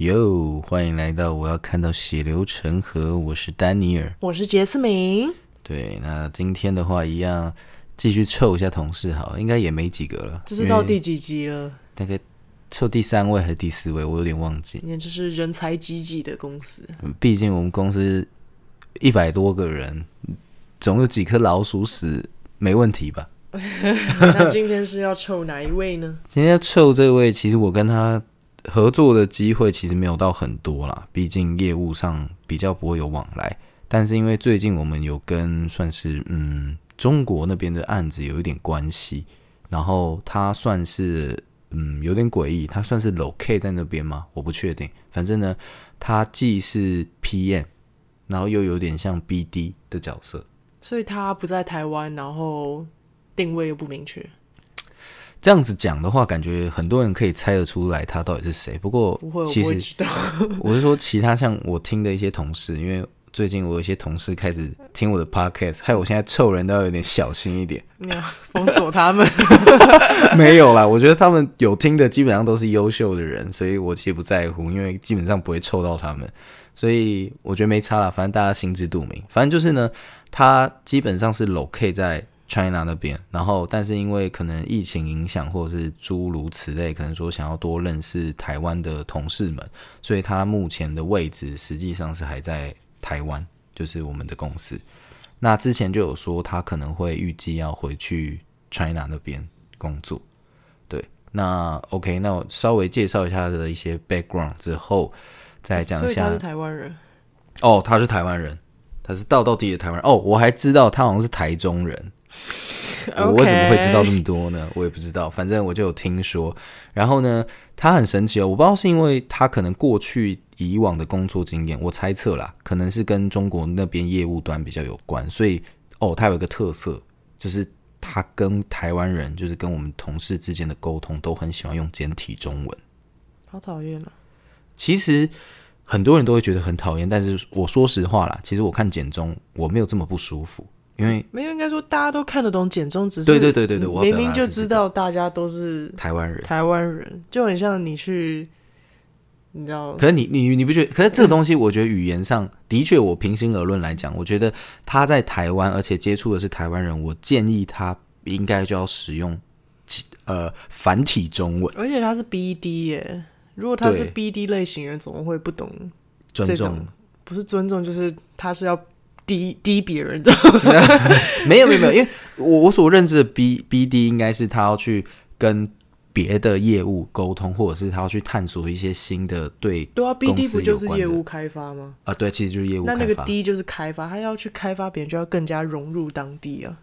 喲，Yo, 歡迎來到我要看到血流成河，我是丹尼爾，我是傑斯明。對，那今天的話一樣繼續湊一下同事，好，應該也沒幾個了。這是到第幾集了？大概湊第三位還是第四位，我有點忘記。今天這是人才濟濟的公司，嗯、畢竟我們公司一百多個人，總有幾顆老鼠屎，沒問題吧？ 那今天是要湊哪一位呢？今天要湊這位，其實我跟他。合作的機會其實沒有到很多啦，畢竟業務上比較不會有往來。但是因為最近我們有跟算是嗯中國那邊的案子有一點關係，然後他算是嗯有點詭異，他算是 locate 在那邊嗎？我不確定。反正呢，他既是 PM，然後又有點像 BD 的角色，所以他不在台灣，然後定位又不明確。這樣子講的話，感覺很多人可以猜得出來他到底是誰。不過，不會其實我，我是說，其他像我聽的一些同事，因為最近我有一些同事開始聽我的 podcast，害我現在臭人都要有點小心一點，封鎖他們。 沒有啦。我覺得他們有聽的基本上都是優秀的人，所以我其實不在乎，因為基本上不會臭到他們，所以我覺得沒差了。反正大家心知肚明，反正就是呢，他基本上是 Loki 在 China 那邊，然後但是因為可能疫情影響或者是諸如此類，可能說想要多認識台灣的同事們，所以他目前的位置實際上是還在台灣，就是我們的公司。那之前就有說他可能會預計要回去 China 那邊工作。對，那 OK，那我稍微介紹一下他的一些 background 之後，再講一下。他是台灣人哦，他是台灣人，他是道道地的台灣人哦，我還知道他好像是台中人。Okay. 我怎麼會知道這麼多呢？我也不知道，反正我就有聽說。然後呢，他很神奇哦，我不知道是因為他可能過去以往的工作經驗，我猜測啦，可能是跟中國那邊業務端比較有關。所以，哦，他有一個特色，就是他跟台灣人，就是跟我們同事之間的溝通，都很喜歡用簡體中文。好討厭了、啊！其實很多人都會覺得很討厭，但是我說實話啦，其實我看簡中，我沒有這麼不舒服。因為沒有，應該說大家都看得懂簡中，只是對對對對對，我明明就知道大家都是台灣人，台灣人就很像你去，你知道？可是你你你不覺得？可是這個東西，我覺得語言上為的確，我平心而論來講，我覺得他在台灣，而且接觸的是台灣人，我建議他應該就要使用呃繁體中文。而且他是 BD 耶，如果他是 BD 類型人，怎麼會不懂尊重？不是尊重，就是他是要。低低別人的，沒有沒有沒有，因為我我所認知的 B B D 應該是他要去跟別的業務溝通，或者是他要去探索一些新的。對對啊，BD 不就是業務開發嗎？啊，對，其實就是業務開發。那那個 D 就是開發，他要去開發別人，就要更加融入當地啊。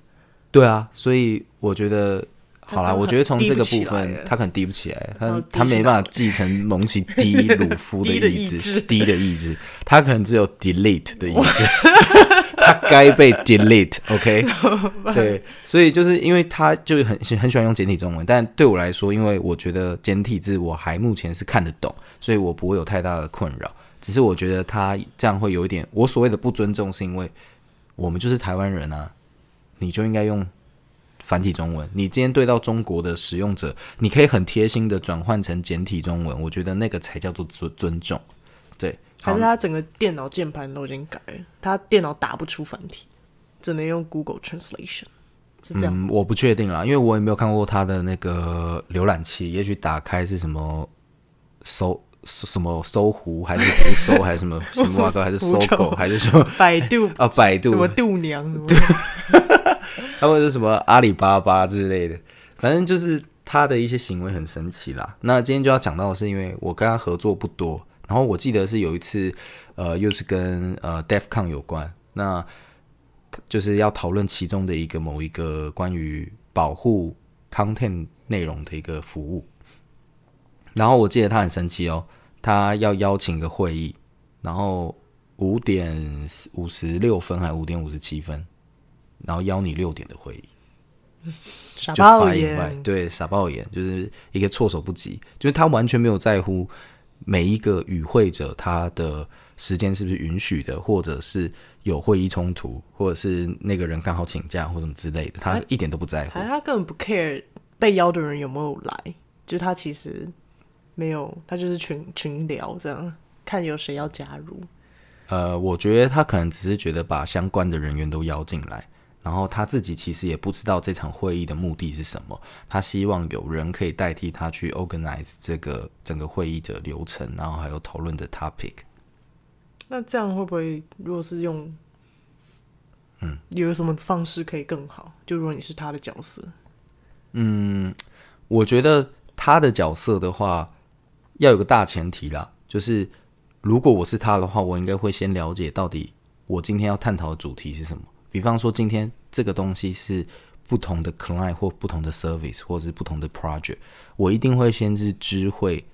對啊，所以我覺得，好啦。我覺得從這個部分，他可能低不起來，他他沒辦法繼承蒙奇低魯夫的意志，低的意志，他可能只有 delete 的意志。他該被 delete，OK，okay? 對，所以就是因為他就是很很喜歡用簡體中文，但對我來說，因為我覺得簡體字我還目前是看得懂，所以我不會有太大的困擾。只是我覺得他這樣會有一點，我所謂的不尊重，是因為我們就是台灣人啊，你就應該用繁體中文。你今天對到中國的使用者，你可以很貼心的轉換成簡體中文，我覺得那個才叫做尊尊重。還是他整個電腦鍵盤都已經改了，好他電腦打不出繁體，只能用 Google Translation。是這樣、嗯，我不確定啦，因為我也沒有看過他的那個瀏覽器，也許打開是什麼搜什麼搜狐還是搜還是什麼什麼 是還是搜、SO、狗 還是什麼 百度啊百度什麼度娘。對，他會是什麼阿里巴巴之類的，反正就是他的一些行為很神奇啦。那今天就要講到的是，因為我跟他合作不多。然後我記得是有一次，呃，又是跟呃 DefCon 有關，那就是要討論其中的一個某一個關於保護 Content 內容的一個服務。然後我記得他很神奇哦，他要邀請個會議，然後五點五十六分還是五點五十七分，然後邀你六點的會議。傻爆眼，就白眼白，對，傻爆眼就是一個措手不及，就是他完全沒有在乎。每一個與會者他的時間是不是允許的，或者是有會議衝突，或者是那個人剛好請假或什麼之類的，他一點都不在乎，他根本不 care 被邀的人有沒有來，就他其實沒有，他就是群群聊這樣，看有誰要加入。呃，我覺得他可能只是覺得把相關的人員都邀進來。然後他自己其實也不知道這場會議的目的是什麼。他希望有人可以代替他去 organize 這個整個會議的流程，然後還有討論的 topic。那這樣會不會，如果是用，嗯，有什麼方式可以更好？嗯、就如果你是他的角色，嗯，我覺得他的角色的話，要有個大前提啦，就是如果我是他的話，我應該會先了解到底我今天要探討的主題是什麼。比方說今天。這個東西是不同的 client 或不同的 service 或者是不同的 project，我一定會先是知，知會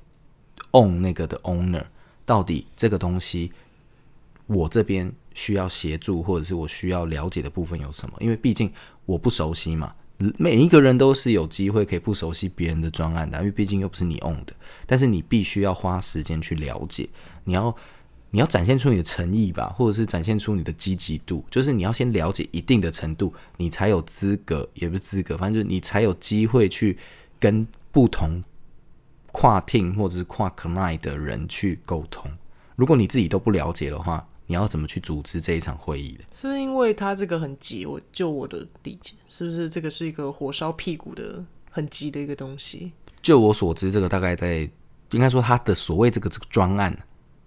own 那個的 owner，到底這個東西我這邊需要協助或者是我需要了解的部分有什麼？因為畢竟我不熟悉嘛，每一個人都是有機會可以不熟悉別人的專案的、啊，因為畢竟又不是你 own 的，但是你必須要花時間去了解，你要。你要展現出你的誠意吧，或者是展現出你的積極度，就是你要先了解一定的程度，你才有資格，也不是資格，反正就是你才有機會去跟不同跨廳或者是跨 c l 的人去溝通。如果你自己都不了解的話，你要怎麼去組織這一場會議的？是因為他這個很急，我就我的理解，是不是這個是一個火燒屁股的很急的一個東西？就我所知，這個大概在應該說他的所謂這個這個專案。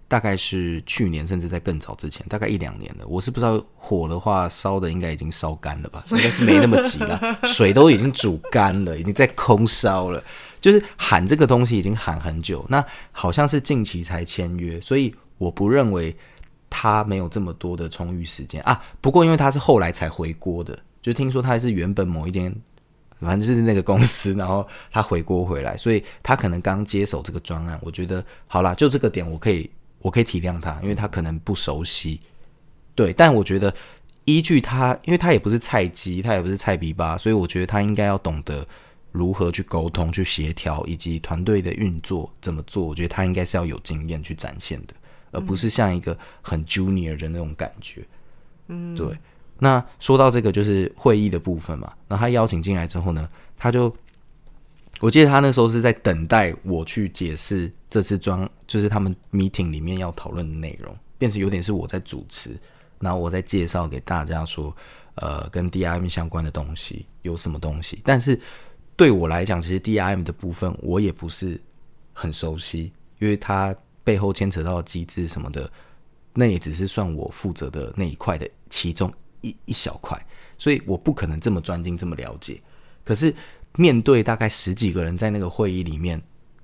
大概是去年，甚至在更早之前，大概一兩年了。我是不知道火的話燒的應該已經燒乾了吧，應該是沒那麼急了， 水都已經煮乾了，已經在空燒了。就是喊這個東西已經喊很久，那好像是近期才簽約，所以我不認為他沒有這麼多的充裕時間啊。不過因為他是後來才回鍋的，就聽說他是原本某一間，反正就是那個公司，然後他回鍋回來，所以他可能剛接手這個專案。我覺得好了，就這個點我可以。我可以體諒他，因為他可能不熟悉，對。但我覺得依據他，因為他也不是菜雞，他也不是菜逼吧。所以我覺得他應該要懂得如何去溝通、去協調以及團隊的運作怎麼做。我覺得他應該是要有經驗去展現的，而不是像一個很 junior 的那種感覺。嗯，對。那說到這個，就是會議的部分嘛。那他邀請進來之後呢，他就。我記得他那時候是在等待我去解釋這次裝，就是他們 meeting 裡面要討論的內容，變成有點是我在主持，然後我在介紹給大家說，呃，跟 DRM 相關的東西有什麼東西。但是對我來講，其實 DRM 的部分我也不是很熟悉，因為它背後牽扯到機制什麼的，那也只是算我負責的那一塊的其中一一小塊，所以我不可能這麼專精這麼了解。可是。面對大概十幾個人在那個會議裡面，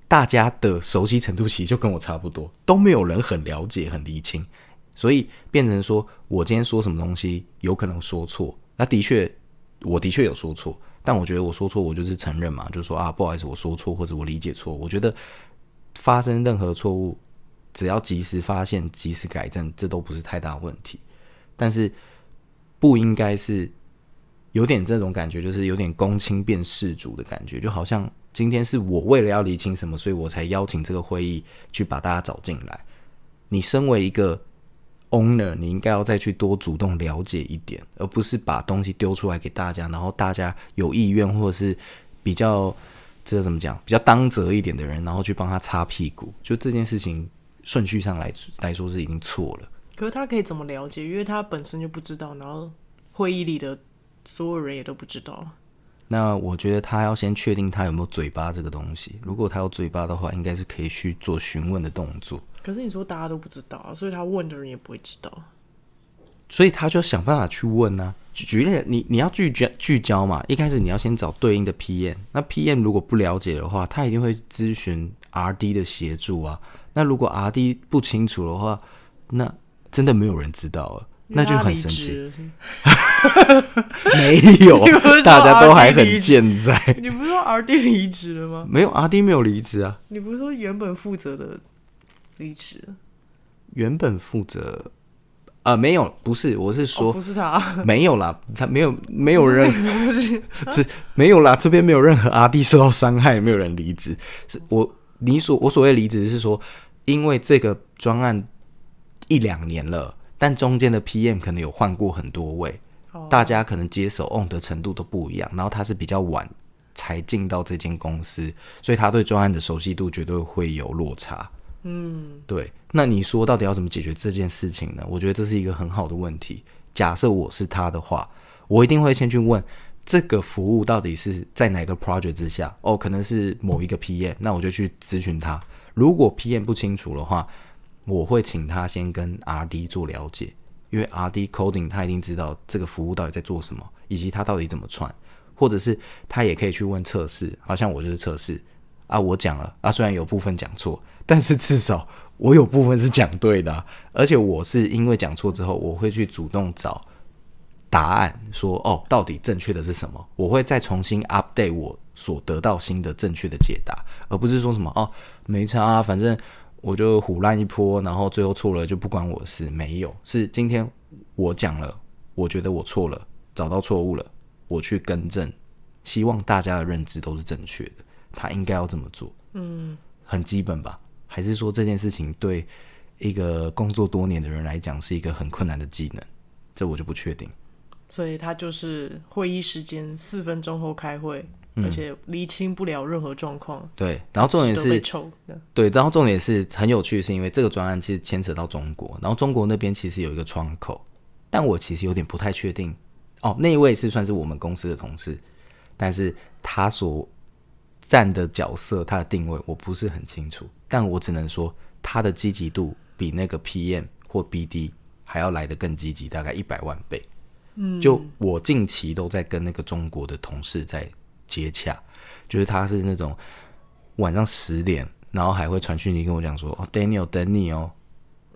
大家的熟悉程度其實就跟我差不多，都沒有人很了解、很釐清，所以變成說我今天說什麼東西有可能說錯。那的確，我的確有說錯，但我覺得我說錯我就是承認嘛，就是說，啊，不好意思，我說錯或者我理解錯。我覺得發生任何錯誤，只要及時發現、及時改正，這都不是太大問題。但是不應該是。有點這種感覺，就是有點公親變事主的感覺，就好像今天是我為了要釐清什麼，所以我才邀請這個會議去把大家找進來。你身為一個 owner，你應該要再去多主動了解一點，而不是把東西丟出來給大家，然後大家有意願或者是比較這個怎麼講，比較當責一點的人，然後去幫他擦屁股。就這件事情順序上來來說是已經錯了。可是他可以怎麼了解？因為他本身就不知道，然後會議裡的。所有人也都不知道。那我覺得他要先確定他有沒有嘴巴這個東西。如果他有嘴巴的話，應該是可以去做詢問的動作。可是你說大家都不知道，所以他問的人也不會知道。所以他就要想辦法去問啊。舉舉例，你你要聚焦聚焦嘛。一開始你要先找對應的 PM。那 PM 如果不了解的話，他一定會諮詢 RD 的協助啊。那如果 RD 不清楚的話，那真的沒有人知道啊。那就很神奇， 沒有，大家都還很健在。你不是說 RD 離職了嗎？沒有，RD 沒有離職啊。你不是說原本負責的離職？原本負責啊、呃？沒有，不是，我是說、哦、不是，他沒有啦，他沒有，沒有人這 沒有啦，這邊沒有任何 RD 受到傷害，沒有人離職。是我你所我所謂離職是說，因為這個專案一兩年了。但中間的 PM 可能有換過很多位，oh. 大家可能接手 on 的程度都不一樣。然後他是比較晚才進到這間公司，所以他對專案的熟悉度絕對會有落差。嗯，mm. 對。那你說到底要怎麼解決這件事情呢？我覺得這是一個很好的問題。假設我是他的話，我一定會先去問這個服務到底是在哪個 project 之下。哦，可能是某一個 PM，那我就去諮詢他。如果 PM 不清楚的話，我會請他先跟 R D 做了解，因為 R D coding 他一定知道這個服務到底在做什麼，以及他到底怎麼串，或者是他也可以去問測試。好像我就是測試啊，我講了啊，雖然有部分講錯，但是至少我有部分是講對的、啊，而且我是因為講錯之後，我會去主動找答案，說哦，到底正確的是什麼？我會再重新 update 我所得到新的正確的解答，而不是說什麼哦，沒差啊，反正。我就唬爛一波，然後最後錯了就不關我事。沒有，是今天我講了，我覺得我錯了，找到錯誤了，我去更正，希望大家的認知都是正確的，他應該要這麼做。嗯，很基本吧？還是說這件事情對一個工作多年的人來講是一個很困難的技能？這我就不確定。所以他就是會議時間四分鐘後開會。而且釐清不了任何狀況，嗯。對，然後重點是，丑對，對，然後重點是很有趣，是因為這個專案其實牽扯到中國，然後中國那邊其實有一個窗口，但我其實有點不太確定。哦，那一位是算是我們公司的同事，但是他所站的角色，他的定位我不是很清楚，但我只能說他的積極度比那個 PM 或 BD 還要來得更積極，大概一百萬倍。嗯，就我近期都在跟那個中國的同事在。接洽，就是他是那種晚上十點，然後還會傳訊息跟我講說：“哦，Daniel 等你哦，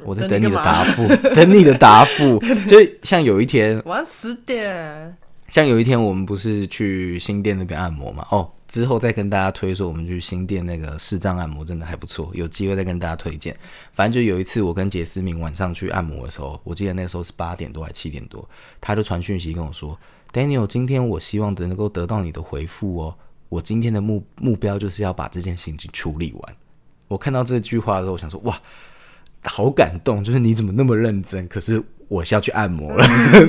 我在等你的答覆，等你， 等你的答覆。”就像有一天晚十點，像有一天我們不是去新店那邊按摩嘛？哦，之後再跟大家推說我們去新店那個視障按摩真的還不錯，有機會再跟大家推薦。反正就有一次我跟杰思明晚上去按摩的時候，我記得那時候是八點多還七點多，他就傳訊息跟我說。Daniel，今天我希望能夠得到你的回復哦。我今天的目目標就是要把這件事情處理完。我看到這句話的時候，我想說哇，好感動，就是你怎麼那麼認真？可是我是要去按摩了，嗯、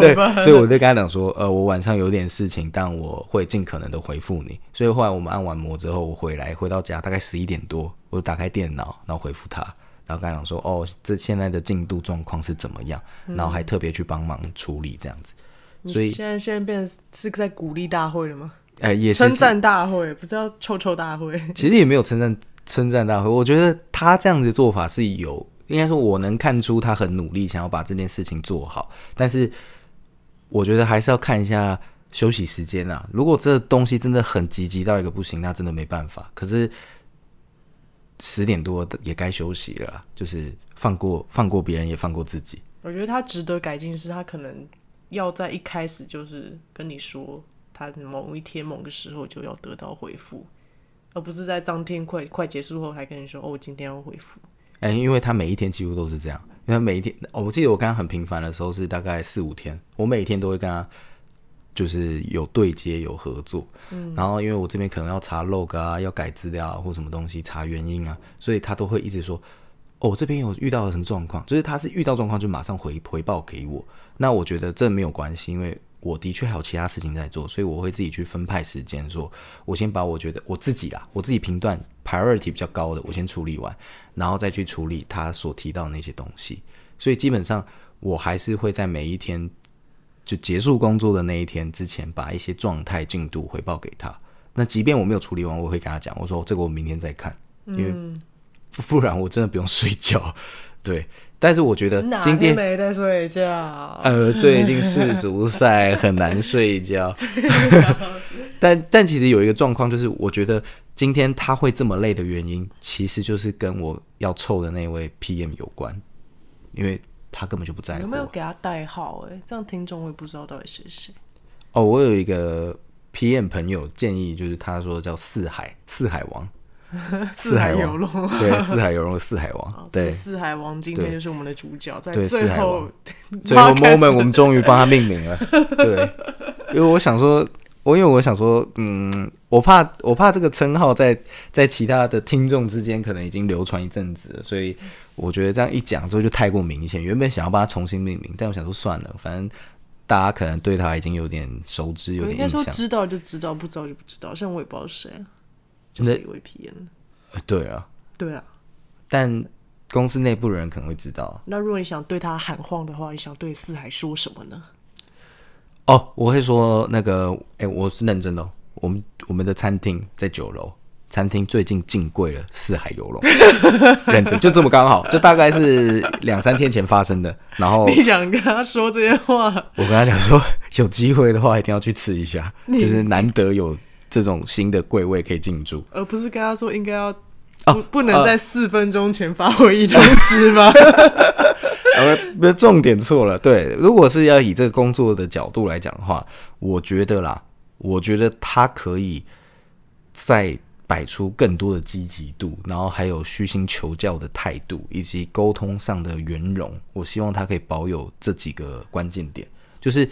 對，對，所以我就跟他講說，呃，我晚上有點事情，但我會盡可能的回復你。所以後來我們按完摩之後，我回來回到家大概十一點多，我就打開電腦，然後回復他，然後跟他講說，哦，這現在的進度狀況是怎麼樣？然後還特別去幫忙處理這樣子。嗯現在現在變成是在鼓勵大會了嗎？哎、欸，也是稱讚大會，不是要臭臭大會。其實也沒有稱讚稱讚大會。我覺得他這樣的做法是有，應該說我能看出他很努力，想要把這件事情做好。但是我覺得還是要看一下休息時間啊。如果這東西真的很急，急到一個不行，那真的沒辦法。可是十點多也該休息了啦，就是放過放過別人，也放過自己。我覺得他值得改進是他可能。要在一開始就是跟你說，他某一天某個時候就要得到回復，而不是在當天快快結束後還跟你說：“哦，我今天要回復。”哎、欸，因為他每一天幾乎都是這樣，因為每一天，我記得我剛剛很頻繁的時候是大概四五天，我每一天都會跟他就是有對接、有合作。嗯，然後因為我這邊可能要查 log 啊，要改資料或什麼東西，查原因啊，所以他都會一直說。我、哦、這邊有遇到什麼狀況，就是他是遇到狀況就馬上回回報給我。那我覺得這沒有關係，因為我的確還有其他事情在做，所以我會自己去分派時間，說我先把我覺得我自己啊，我自己評斷 priority 比較高的，我先處理完，然後再去處理他所提到的那些東西。所以基本上我還是會在每一天就結束工作的那一天之前，把一些狀態進度回報給他。那即便我沒有處理完，我會跟他講，我說這個我明天再看，因為。不然我真的不用睡覺，對。但是我覺得今天沒在睡覺，呃，最近世足賽， 很難睡覺。 但但其實有一個狀況，就是我覺得今天他會這麼累的原因，其實就是跟我要湊的那位 PM 有關，因為他根本就不在乎。有沒有給他代號，欸？哎，這樣聽眾會不知道到底是誰。哦，oh, 我有一個 PM 朋友建議，就是他說叫四海四海王。四海遊龍，對 四海遊龍，四海王，對，對，對四海王今天就是我們的主角，在最後， 最後 moment 我們終於幫他命名了，對， 因為我想說，我因為我想說，嗯，我怕我怕這個稱號在在其他的聽眾之間可能已經流傳一陣子了，所以我覺得這樣一講之後就太過明顯。原本想要幫他重新命名，但我想說算了，反正大家可能對他已經有點熟知，有點印象，應該說知道就知道，不知道就不知道，現在我也不知道是誰。就是對啊，對啊，對啊，但公司內部人可能會知道。那如果你想對他喊話的話，你想對四海說什麼呢？哦，我會說那個，哎，我是認真的、哦。我們我們的餐廳在九樓，餐廳最近進櫃了四海遊龍， 認真，就這麼剛好，就大概是兩三天前發生的。 然後你想跟他說這些話，我跟他講說，有機會的話一定要去吃一下，就是難得有。 這種新的櫃位可以進駐，而不是跟他說應該要不、啊、不能在四分鐘前發會議通知嗎？ 重點錯了。對，如果是要以這個工作的角度來講的話，我覺得啦，我覺得他可以再擺出更多的積極度，然後還有虛心求教的態度，以及溝通上的圓融。我希望他可以保有這幾個關鍵點，就是。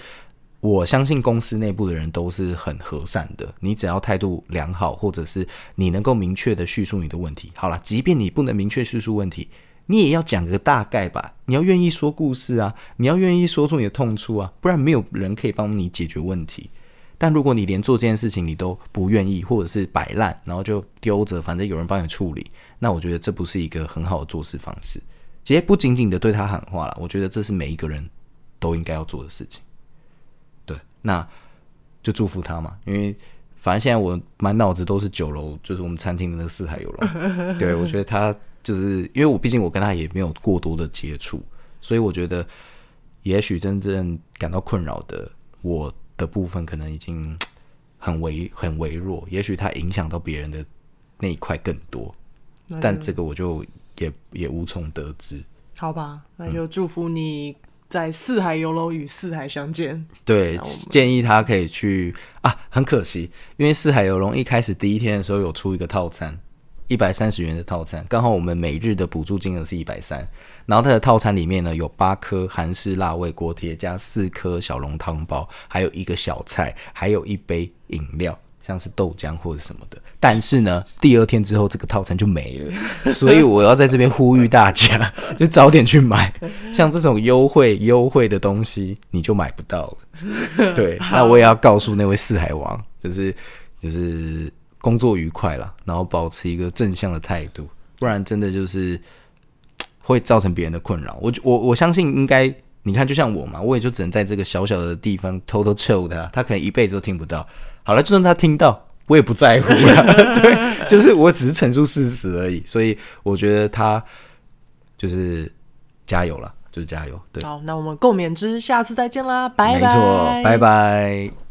我相信公司內部的人都是很和善的，你只要態度良好，或者是你能夠明確地敘述你的問題。好啦，即便你不能明確敘述問題，你也要講個大概吧。你要願意說故事啊，你要願意說出你的痛處啊，不然沒有人可以幫你解決問題。但如果你連做這件事情你都不願意，或者是擺爛，然後就丟着，反正有人幫你處理，那我覺得這不是一個很好的做事方式。其實不僅僅的對他喊話了，我覺得這是每一個人都應該要做的事情。那就祝福他嘛，因為反正現在我滿腦子都是酒樓，就是我們餐廳的那個四海遊龍。 對，我覺得他就是因為我，畢竟我跟他也沒有過多的接觸，所以我覺得也許真正感到困擾的我的部分，可能已經很微很微弱。也許他影響到別人的那一塊更多，就但這個我就也也無從得知。好吧，那就祝福你。嗯在四海遊龍與四海相見，對，建議他可以去啊。很可惜，因為四海遊龍一開始第一天的時候有出一個套餐，一百三十元的套餐，剛好我們每日的補助金額是一百三。然後它的套餐裡面呢，有八顆韓式辣味鍋貼，加四顆小籠湯包，還有一個小菜，還有一杯飲料。像是豆漿或者什麼的，但是呢，第二天之後這個套餐就沒了， 所以我要在這邊呼籲大家，就早點去買。像這種優惠優惠的東西，你就買不到了。 對，那我也要告訴那位四海王，就是就是工作愉快了，然後保持一個正向的態度，不然真的就是會造成別人的困擾。我我我相信應該，你看，就像我嘛，我也就只能在這個小小的地方偷偷臭他啊，他可能一輩子都聽不到。好了，就算他聽到，我也不在乎了。 對，就是我只是陳述事實而已，所以我覺得他就是加油了，就是加油。對，好，那我們共勉之，下次再見啦，拜拜，沒錯，拜拜。